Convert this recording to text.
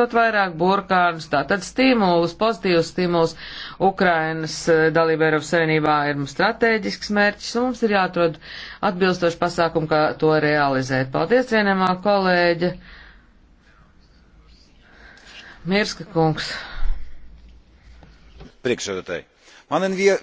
izmantot vairāk burkānus, tātad stimulus, pozitīvus stimulus. Ukrainas eh, dalība Eiropas Savienībā ir mums strateģisks mērķis, un mums ir jāatrod atbilstoši pasākumu, kā to realizēt. Paldies, cienējamā kolēģe Mirska kungs. Priekšsēdētāji, man ir vie...